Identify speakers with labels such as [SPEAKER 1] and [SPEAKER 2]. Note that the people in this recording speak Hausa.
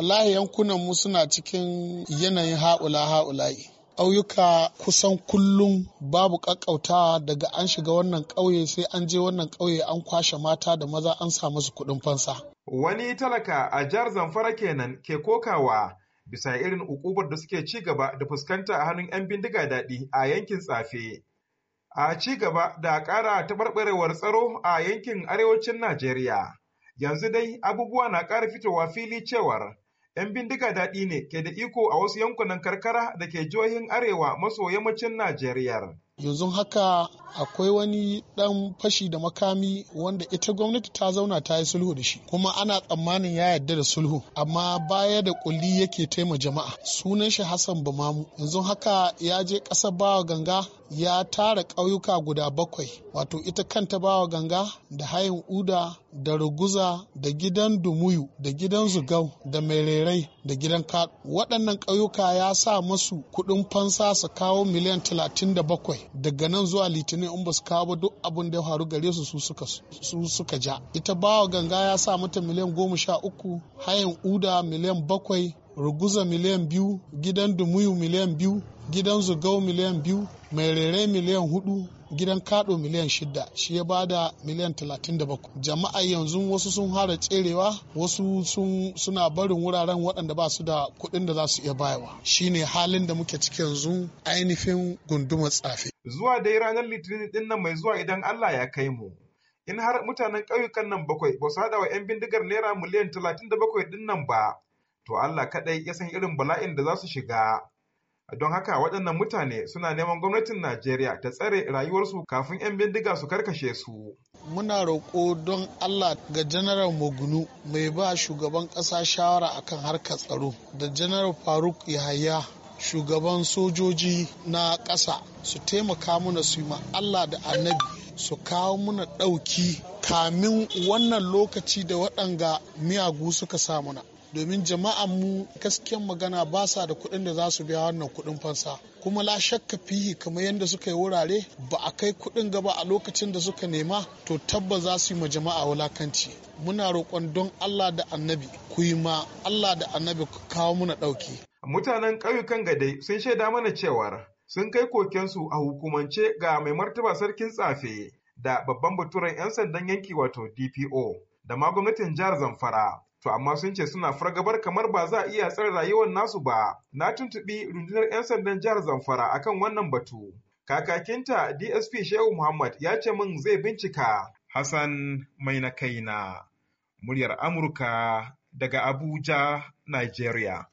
[SPEAKER 1] wallahi yankunan mu suna cikin yanayin haula haula'i ƙauyuka kusan kullum babu ƙaƙƙautawa daga an shiga wannan ƙauye sai an je wannan ƙauye an kwashe mata da maza an sa musu kuɗin fansa.
[SPEAKER 2] Wani talaka a jihar Zamfara kenan ke kokawa bisa irin ukubar da suke ci gaba da fuskanta a hannun 'yan bindiga daɗi a yankin tsafe. A ci gaba da ƙara taɓarɓarewar tsaro a yankin arewacin Najeriya. Yanzu dai abubuwa na ƙara fitowa fili cewar 'yan bindiga daɗi ne ke da iko a wasu yankunan karkara da ke jihohin arewa maso yammacin Najeriya.
[SPEAKER 1] yanzu haka akwai wani dan fashi da makami wanda ita gwamnati ta zauna ta yi sulhu da shi kuma ana tsammanin ya yarda da sulhu amma baya da kulli yake taima jama'a sunan shi hassan bamamu yanzu haka ya je ƙasar bawa ganga ya tara ƙauyuka guda bakwai wato ita kanta bawa ganga da hayin uda da ruguza da gidan dumuyu da gidan zugau da mai da gidan kaɗu waɗannan ƙauyuka ya sa masu kuɗin fansa su kawo miliyan talatin da bakwai. daga nan zuwa litinin in ba su kawo duk abin da ya faru gare su su suka ja ita bawa ganga ya sa mata miliyan goma sha uku hayan uda miliyan bakwai ruguza miliyan biyu gidan dumuyu miliyan biyu gidan zugau miliyan biyu mai rere miliyan hudu gidan kado miliyan shida shi ya bada miliyan talatin da bakwai jama'a yanzu wasu sun hara tserewa wasu suna barin wuraren waɗanda ba su da kuɗin da za su iya bayawa shine halin da muke ciki yanzu ainihin gundumar tsafi.
[SPEAKER 2] zuwa dai ranar litinin din nan mai zuwa idan allah ya kai mu in har mutanen ƙauyukan nan bakwai ba su haɗa wa 'yan bindigar naira miliyan talatin da bakwai din nan ba to Allah kaɗai ya san irin bala'in da za su shiga. Don haka waɗannan mutane suna
[SPEAKER 1] neman gwamnatin Najeriya ta tsare rayuwarsu kafin 'yan bindiga su karkashe su. Muna roƙo don Allah ga Janaral Mogunu mai ba shugaban ƙasa shawara akan harkar tsaro da Janaral Faruk Yahaya shugaban sojoji na ƙasa su taimaka mana su yi Allah da annabi su kawo muna ɗauki kamin wannan lokaci da waɗanga miyagu suka sa muna. domin jama'an mu gaskiyan magana ba sa da kuɗin da za su biya wannan kuɗin fansa kuma la shakka fihi kamar yadda suka yi wurare ba a kai kuɗin gaba a lokacin da suka nema to tabbas za su yi ma jama'a wulakanci muna roƙon don Allah da annabi ku yi ma Allah da annabi ku kawo muna ɗauki.
[SPEAKER 2] Mutanen ƙauyukan gade sun shaida mana cewar sun kai kokensu a hukumance ga mai martaba sarkin tsafe da babban baturen 'yan sandan yanki wato DPO da ma gwamnatin jihar Zamfara to amma sun ce suna fargabar kamar ba za a iya tsar rayuwar nasu ba na tuntuɓi rundunar 'yan sandan jihar zamfara akan wannan batu kakakinta dsp shehu muhammad ya ce min zai bincika hassan mai na kaina muryar amurka daga abuja nigeria